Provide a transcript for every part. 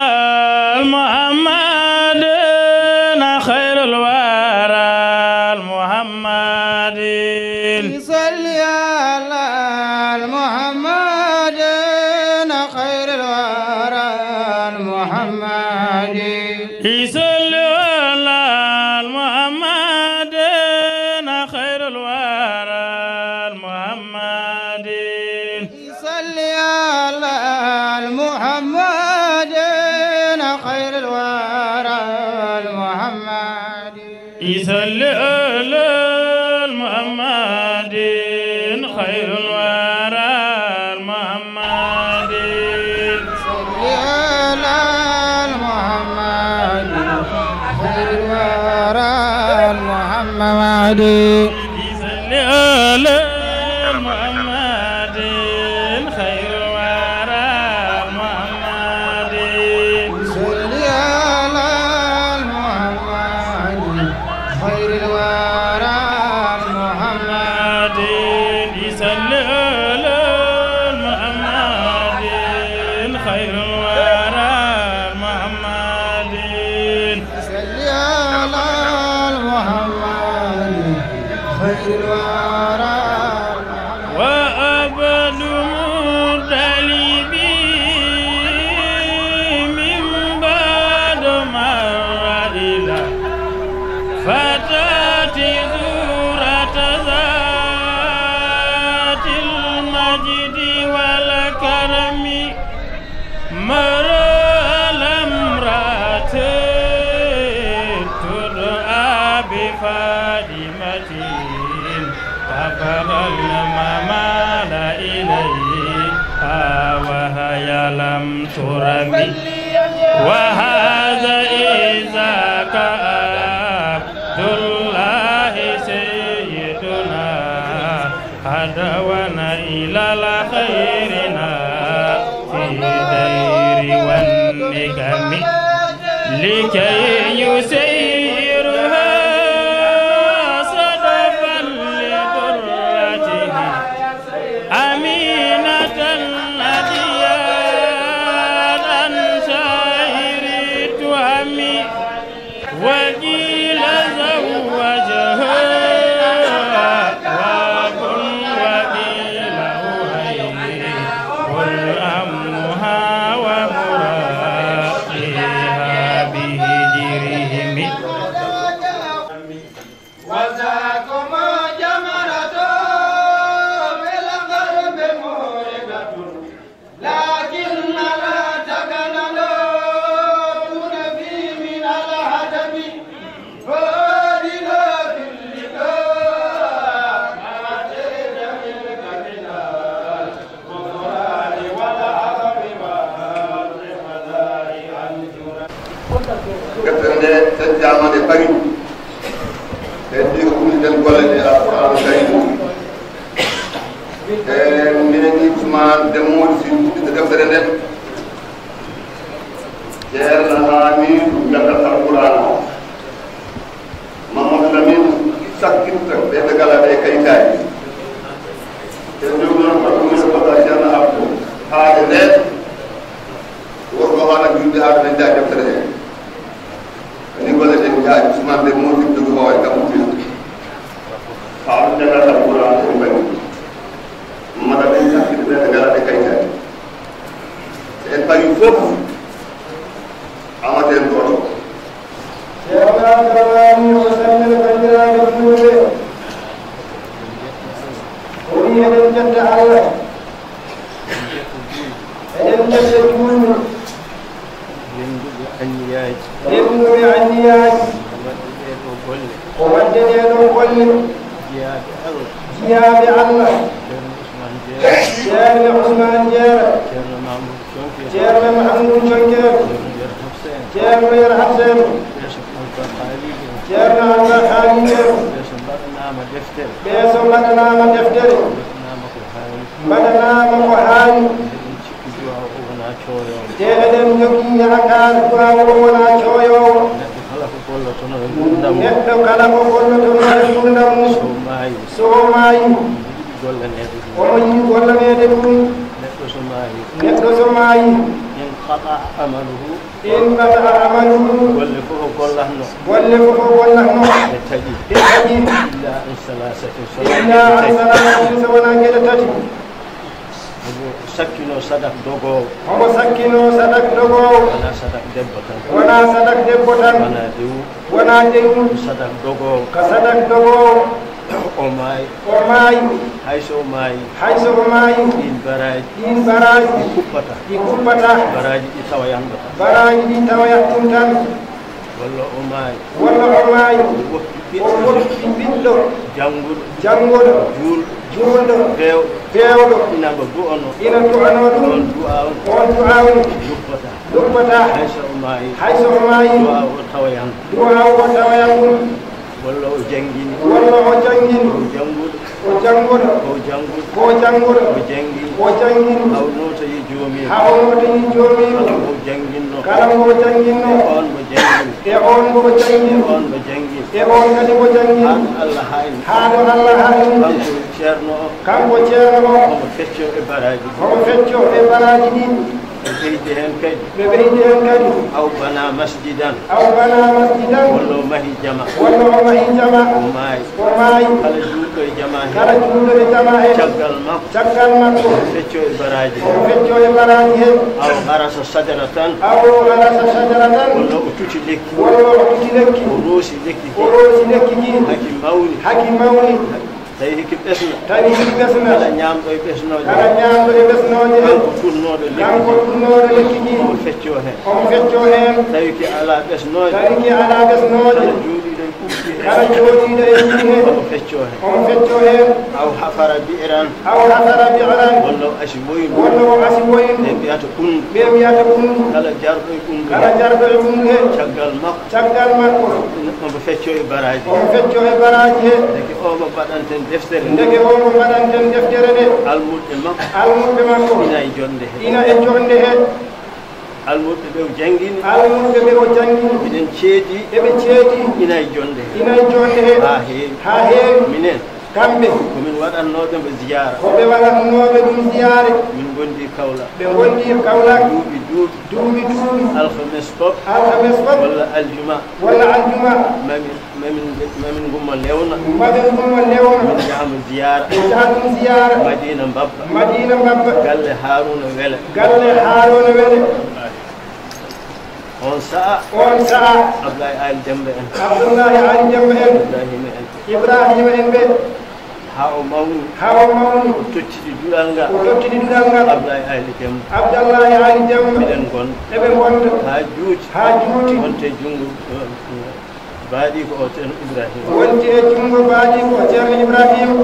Mah I do. فادمة فقضى الممال إليها وهي لم ترمي وهذا إذا عبد الله سيدنا هدونا إلى خيرنا في دير والنجم لكي يسير بالنيات ابن بالنيات ومد يده كله ومد يده كله جاء بعلم جاء بعلم جابر عثمان جابر جابر محمود شنكر جابر محمود شنكر جابر حسين جابر حسين جابر عبد الحليم بيسم لنا مدفتر بيسم لنا مدفتر مدنا مقحان தேவதம் எனக்கான குணாவுடனாய் சோயோ netto kala ko gonnoto ngal sunda mum somayu omo yiɗi gollanede ɗum neɗɗo so mayi in bata amaluhu golle fof o gollatno golle fof o gollatno e taƴi e taƴi illa an salasatin so wona gueɗe tati omo sakkino sadak dogo, omo sakino sadak dogo, wona sadak debbo tan wona sadak debbo tan wona dewu wona dewu sadak dogo, ko sadak dogowo o oh o maayi hayso my, maayi hayso my, maayi ɗin baraji ɗin baraji ɗi kuppata ɗi kuppata baraji ɗi tawa yahdata baraji ɗi tawa yahtum tan walla o maayi walla o my o woppi ɓiɗɗo ɓiɗɗo jannguɗo jannguɗo juulɗo pewɗo ina mo du'ono ina du'ano ɗum on du'a on on du'a on luppata luppata hayso o maayi hayso o maayi du'a o tawayan du'a o tawayan ɗum walla o janngini walla o janngini janguɗo o janngoɗo ko janngoɗo o janginha o noto yi joomiɗo kala ngo janginno e on ngo jangin e on e e kadi ko jangin haaɗo allah haaɗi kanko ceerno o omo fecco e baraji ɗin من بيتها الكي من بيتها الكي أو بنى مسجدا أو بنى مسجدا ولو ما هي جمع ولو ما هي جمع وماي وماي كالجوك جمع كالجوك جمع شغل ما شغل ما فتشو براجي فتشو براجي أو غرس شجرة أو غرس شجرة ولو أتوش لك ولو أتوش لك وروسي لك وروسي لك حكي مولي حكي مولي tawi hikki ɓesno tawi hikki ɓesno kala ñamɗo e ɓesnoje kala ñamɗo e ɓesnoje kanko ɗurnoɗo lekki kanko ɗurnoɗo lekki ɗi omo fecco hen omo fecco hen tawi ki ala ɓesnoje tawi ki ala ɓesnoje كرجوتي ليسنه فتوه هم فتوه أو حفر بئرا أو حفر بئرا والله أشبوين والله أشبوين بياتكم بياتكم كلا جربكم كلا جربكم شغل مق شغل مق هم فتوه براج هم فتوه براج لكن أوه ما بدن تندفتر لكن أوه ما بدن تندفتر المد مق المد مق إنا يجون ده إنا يجون ده almurɓe ɓe o janngin almurɓe ɓe o janngin eɗen ceedi eɓe ceedi ina e jonde ina e jonde he ha heewi ha heewi minen kamɓe komin waɗatnoɓe ɓe ziyara koɓe waɗatnoɓe ɗum ziyare min gondi kawla ɓe gondi kawla duuɓi duuɓi duuɓi duuɓi alhamis fop alhamis fop walla aljuma walla aljuma mamin mamin mamin gumma lewna mamin gumma lewna min jahamo ziyara min jaha ɗum ziyara madina mbabba madina mbabba galle haruna wele galle haruna wele أنثى أنثى عبد الله آل جنبين عبد الله آل جنبين إبراهيم إبراهيم إنبين hawmawnu hawmawnu tottidi duɗal ngal o tottidi duɗal ngal abdoulahi ayli jamma abdoullahi ayli jamma eɗen gon eɓe gonta ha juuti ha juuti wonte junngo baaɗi ko o ceerno ibrahima wonte e junngo baaɗi ko o ceerno ibrahima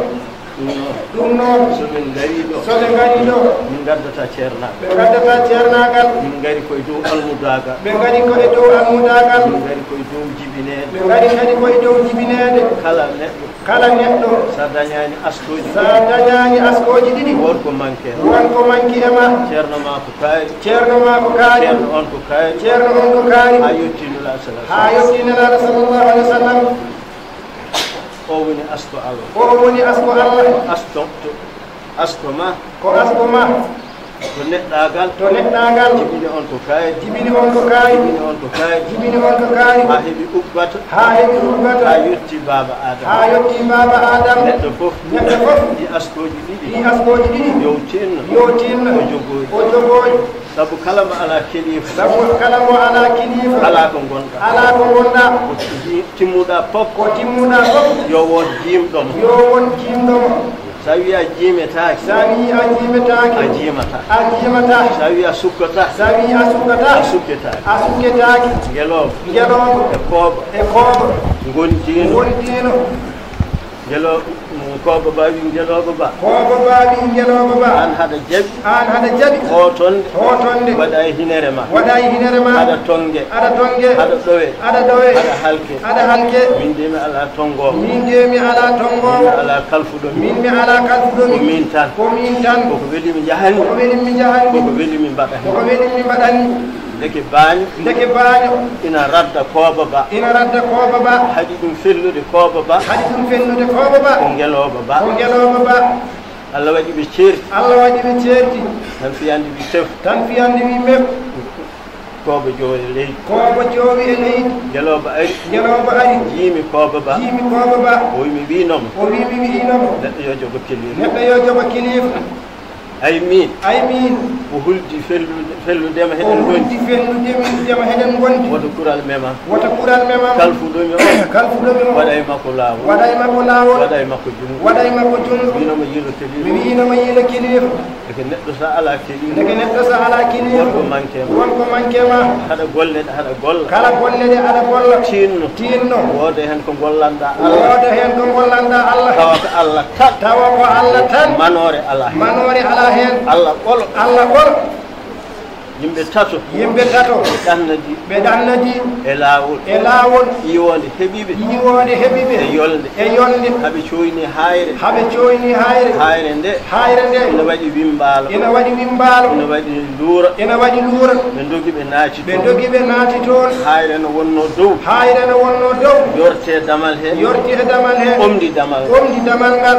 ɗum noon somin ngari ɗo somin ngari ɗo min gaddata ceernagal ɓe gaddata ceernagal min ngari koye dow almudagal ɓe ngari koye dow almudagal min ngari koye dow jibinede ɓe ngari kadi koye dow jibinede kala neɗɗo kala neɗɗo sa dañani askoji sa dañani askoji ɗiɗi wonko manque wonko manque e ma ceerno ma ko kaari ceerno ma ko o woni asto alo. o woni asto alo. asto asto ma ko asto ma to neɗɗagal to neɗɗagal jibini on ko kay jibini on ko kay jibini on ko kay jibini on ko kay ha heeɓi uɓɓata ha heeɓi uɓɓata ha yetti baba adam ha yetti baba adam neɗɗo foof neɗɗo foof ɗi askoji ɗiɗi ɗi askoji ɗiɗi yow tinno yow tinno o jogoji o jogoji saabu kala mo ala kilif saabu kala mo ala kilif ala ko gonɗa ala ko gonɗa timmuɗa pop ko timmuɗa pop yo won jimɗoma yo won jimɗoma Sabia Jimeta, Sabia Jimeta, a Jimata, a Jimata, Sabia Sukata, Sabia Sukata, Suketa, a Suketa, Yellow, Yellow, a cob, a cob, Gundino, Gundino, Yellow. kooba baawi ngeloogo ba kooba baawi ngeloogo ba an haɗa jaɓi an haɗa jaɓi hootonde hootonde waɗa hinere ma waɗa hinere ma aɗa tonge aɗa tonge aɗa ɗowe aɗa ɗowe aɗa halke aɗa halke min de mi ala tongoo min de mi ala tongoomi ala kalfuɗo min mi ala kalfuɗomi ko min tan ko min tan koko weli mi jahani koko weli mi jahani koko weli mi mbaɗani koko weli mi mbaɗani deke baño deke baño ina radda kooba ba ina radda kooba ba haɗi ɗum fellude kooba ba haɗi ɗum fellude kooba ba ko ngelooba ba ko ngelooba ba allah waɗi ɓe ceerti allah waɗi ɓe ceerti tan fiyande wi tef tan fiyande wi mef kooba joowi leydi kooba joowi e leydi ngelooba ari ngelooba ari jiimi kooba ba jiimi kooba ba o wimi wiinoma o wimi wiinoma neɗɗo yo jogo kiliif neɗɗo yo jogo ay min ay min o huldi fellu felludema heɗen gondi felludema heɗen gondi woto kural mema woto kural mema kalfuɗomi o kalfuɗomi o waɗay makko lawol waɗay makko lawol waɗay makko jungo waɗay makko jungo winoma yiilo kelir mi winoma yiilo kelir eke neɗɗo sa ala kelir eke neɗɗo sa ala kelir wonko manquema wonko manquema haɗa golleɗe haɗa golla kala golleɗe aɗa golla tinno tinno wooda hen ko gollanɗa allah wooda hen ko gollanɗa allah tawa ko allah tan tawa ko allah tan manore ala manore ala heen allah ɓolo allah ɓolo yimɓe tato yimɓe tato ɓe ɗannadi ɓe ɗannadi e laawol e laawol yiwonde heɓiɓe yiwonde heɓiɓe e yolde e yolde e e haɓe cooyni hayre haɓe cooyni hayre hayre nde hayre nde ina waɗi wimbaalo ina waɗi wimbaalo ina waɗi luura ina waɗi luura ɓe dogi ɓe naati ɓe dogi ɓe naati toon hayre no wonno dow hayre no wonno dow yorte damal he yorte damal he omɗi damal omɗi damal ngal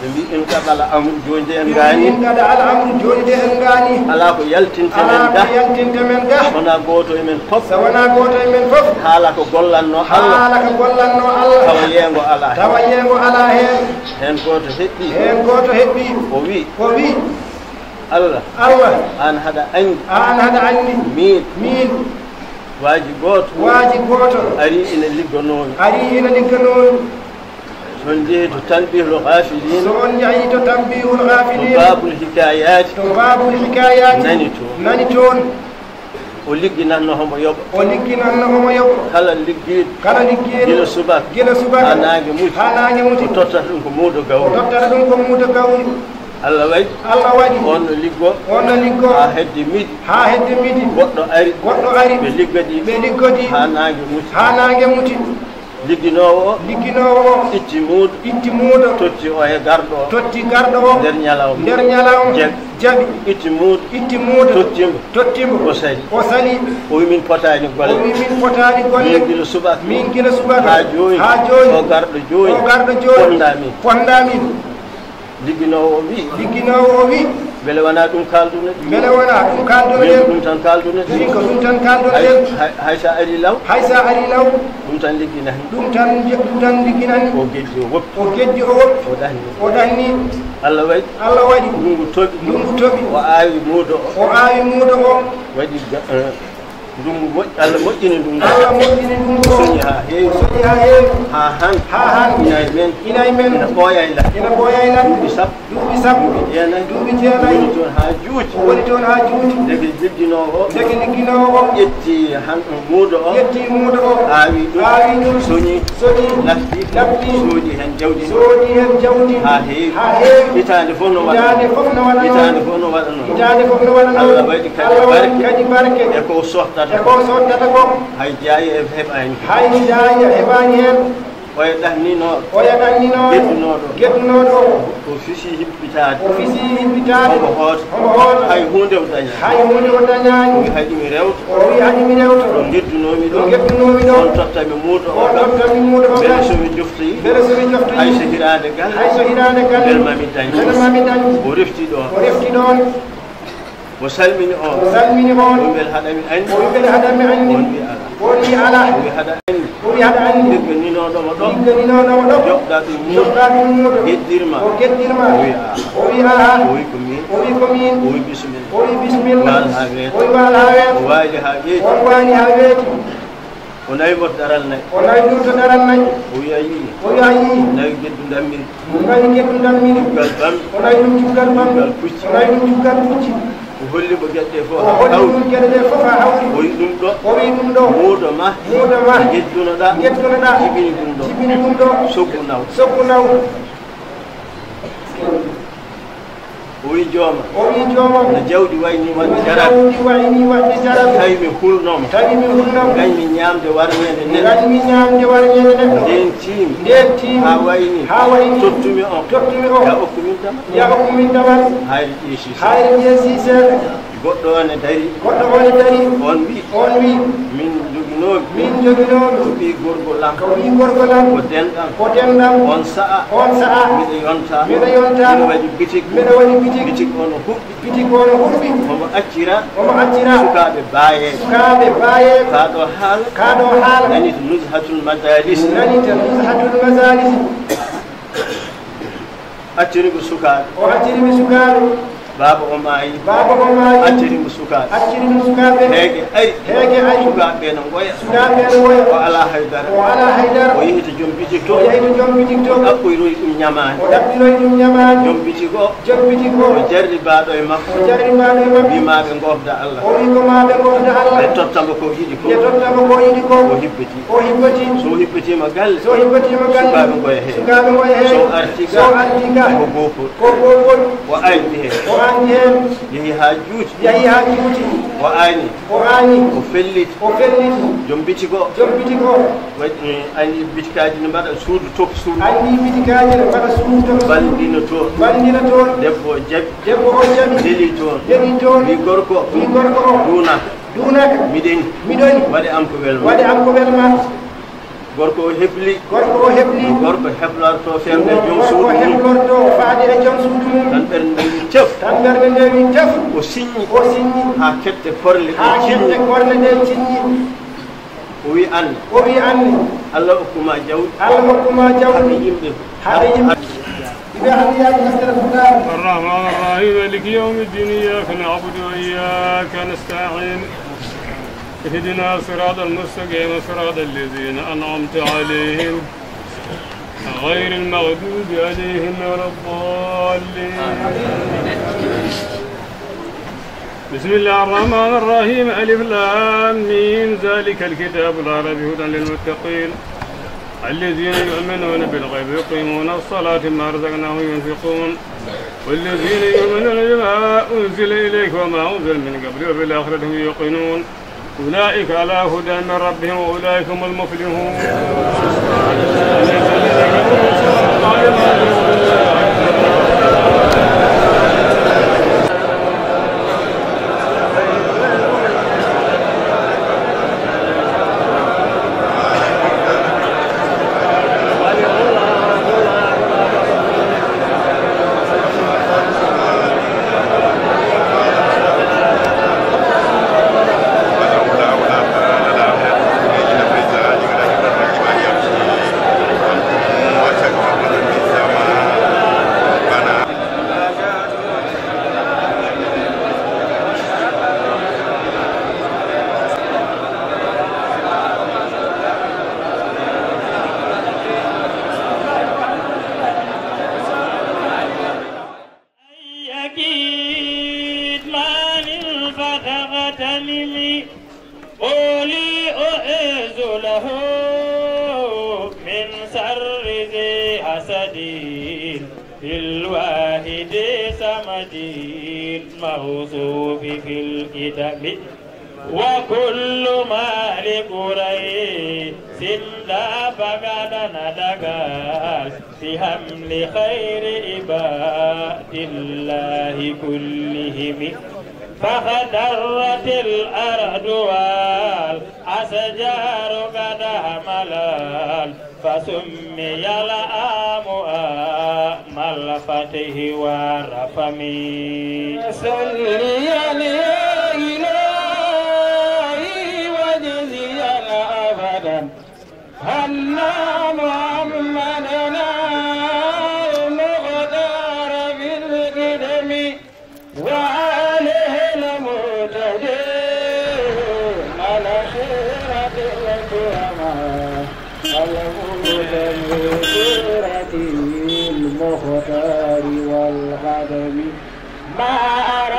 ɓe mbi en kad ala amru jonde en gani kada ala amru jonde en gani ala ko yaltinte men ga yaltinte men ga wona goto e men foof wona goto e men foof haala ko gollanno allah haala ko gollanno allah tawa yeego ala tawa yeego ala hen hen goto heɓɓi hen goto heɓɓi o wi o wi allah allah an haɗa andi an haɗa andi min min waaji goto waaji goto ari ina liggonoomi ari ina liggonoomi ننجيت تنبيه الغافلين ننجيت تنبيه الغافلين باب الحكايات باب الحكايات نانتون نانتون o ligginanno homo yoɓa o ligginanno homo yoɓa kala liggiiɗo kala liggiiɗo gila subaka gila subaka ha naange muti ha naange muti o tottata ɗum ko muudo gawri tottata ɗum ko muudo gawri allah waɗi allah waɗi on no liggo on no liggo ha hedde midi ha hedde midi goɗɗo ari goɗɗo ari ɓe liggodi ɓe liggodi ha naange muti ha naange muti ligginowo o ligginowo o itti muudo itti muudo totti o e garɗo o totti garɗo o nder ñalaw nder ñalaw jeg jaɓi itti muudo itti muudo tottimo tottimo o sali o sali o wimin potaji golle o wimin potaji golle min gila subaka min gila subaka ha joyi ha joyi o garɗo joyi o garɗo joyi fonda min fonda min ligginowo o wi ligginowo o wi beele wona ɗum kaaldune beele wona ɗum kaaldune ɗen ɗum tan kaaldune sin ko ɗum tan kaaldune ɗen hay sa ari law hay sa ari law ɗum tan ligginani ɗum tan ɗum tan ligginani o geddi o woppi o geddi o woppi o ɗani o ɗanni allah waɗi allah waɗi ndungu toɓi ndungu toɓi o aawi muudo o o aawi muudo o waɗi eh, ndun mo allah moƴƴini ndun allah moƴƴini ndun soñi ha heewi soñi ha heewi ha han ha han inay men inay men ina ɓooyay la ina ɓooyay la duuɓi sappo duuɓi sappo duuɓi jeenayi duuɓi jeenayi woni toon ha juuti woni toon ha juuti dege jeddinowo dege ligginowo o ƴetti han muudo o ƴetti muudo o awi ɗum awi ɗum soñi soñi lafti lafti soodi hen jawdi soodi hen jawdi ha heewi ha heewi hitande fof no waɗaitande fof no waɗa itande fof no waɗa noon hitande fof no waɗa noon allah waɗi kadi barke kadi barke e ko sohtat Jabong sot na tapong. Hai jai Oya dah ni no. Oya dah ni no. Get no do. Get no do. Ofisi hip bicara. Ofisi hip bicara. Oh hot. Oh hot. Hai hunde utanya. Hai hunde utanya. Oh hai jimi reut. Oh hai jimi reut. Get no mi do. Get no mi do. Contract time mood. Oh contract time mood. Beres suwi jufti. Beres suwi jufti. Hai sehiran dekan. Hai sehiran dekan. Berma mitanya. Berma mitanya. Borifti do. Borifti do. وسلمني أون آه. وسلمني أون ويبل هذا من عندي ويبل هذا من عندي وني على وني هذا عندي وني هذا عندي يبني نو دو دو يبني نو دو دو يبدا في مو يبدا في مو كثير ما وكثير ما وي آه وي كمين وي كمين وي بسم الله وي بسم الله وي والهاجت وي والهاجت وي والهاجت onai mot daral nay onai dur to daral nay oyayi oyayi nay geddu dammi nay geddu dammi gal bam onai dum gal bam gal kucci onai dum gal kucci o hollimo geɗɗe fof o hollimo geɗɗe ɗe fof a hawti oyi ɗum ɗo o wi ɗum ɗo wuudo ma wuudo ma gettunoɗa gettunoɗa jibini ɗum ɗo jibini ɗum ɗo soggu naw soggu naw owi jooma owi joomam no jawɗi wayni wadde jarajawɗi wayni wadde jarat tawi mi hulnoma tawi mi hulnoma gañ mi ñamde warñede ne gañ mi ñamde warñede ne nden tiimi nden tiimi ha wayni ha wayni tottumi on tottumi o ya okkumin damal ya okkumin damal hayre ƴeesi seeɗa hayre ƴeesi seeɗa goɗɗo one dari goɗɗo one dari on wi on wi min joginoomi min joginoomi ko ɓii gorgolam ko ɓii gorgolam ko denɗam ko denɗam on saa on saa miɗa yonta miɗa yonta mi waɗi bitique miɗa waɗi bitique bitique ono huɓɓi bitique ono huɓɓi omo accira omo accira sukaaɓe baayee sukaaɓe baayee kaa ɗo haala kaa ɗo haala nani to nousahatul masalis nani to nousahatul masalis accirimi sukaaɓe o accirimi sukaaɓe baba o maayi baba o maayi accirinmo sukaɓe Hege, Hege, heege hege heege ayi sukaɓe no goya sukaɓe no goya o ala haydara o ala haydara o yehi to joom bijik to o yehi to joom bijik to ɗaɓɓoyroy ɗum ñamani o ɗaɓɓiroy ɗum ñamani joom bijik o joom bijik o o jarri mbaɗo e makko o jarri mbaɗo e makko wimaɓe gofda allah o wiko maɓe gofda allah ɓe tottamo ko yiɗi ko ɓe tottamo ko yiɗi ko o hibbati o hibbati so hibbatima galle so hibbatima galle sukaɓe goya he sukaɓe goya he so artiga so artiga ko gofol ko gofol o ayni he qurani hen yehi ha juuti yehi ha juuti o aani o aani o fellit o fellit jombiti go jombiti go waɗi eh, andi bitikaji no mbaɗa suudu topi suudu andi bitikaji no mbaɗa suudu topi suudu ballidino toon ballidino toon debbo o jaɓi debbo o jaɓi deli toon deli toon wi gorko wi gorko o duunaka duunaka miɗeni miɗoni waɗi am ko welma waɗi am ko welma gorko o hebli gorko o hebli gorko heblorto ferde joom suudu mum heblorto faadire joom suudu mum tan ɓernde ndi tef tan ɓernde nde ndi tef o signi o signi ha kette korle ha kette korle nde signi o wi anne o wi anne allah hokkuma jawdi allah hokkuma jawdi yimɓe haɓe yimɓe الرحمن الرحيم مالك يوم الدين اياك نعبد واياك نستعين اهدنا صراط المستقيم صراط الذين أنعمت عليهم غير المغضوب عليهم ولا الضالين بسم الله الرحمن الرحيم ألف لامين ذلك الكتاب لا ريب هدى للمتقين الذين يؤمنون بالغيب يقيمون الصلاة ما رزقناهم ينفقون والذين يؤمنون بما أنزل إليك وما أنزل من قبل وبالآخرة هم يوقنون أولئك على هدى من ربهم وأولئك هم المفلحون الواحد سمد الموصوف في الكتاب وكل ما لقريس لا فقد في بحمل خير عباد الله كلهم فخدرت الأرض والأشجار قد هملال فسمي الآم مخلفته ورفمي صلي عليه المختار والغضب ما أرى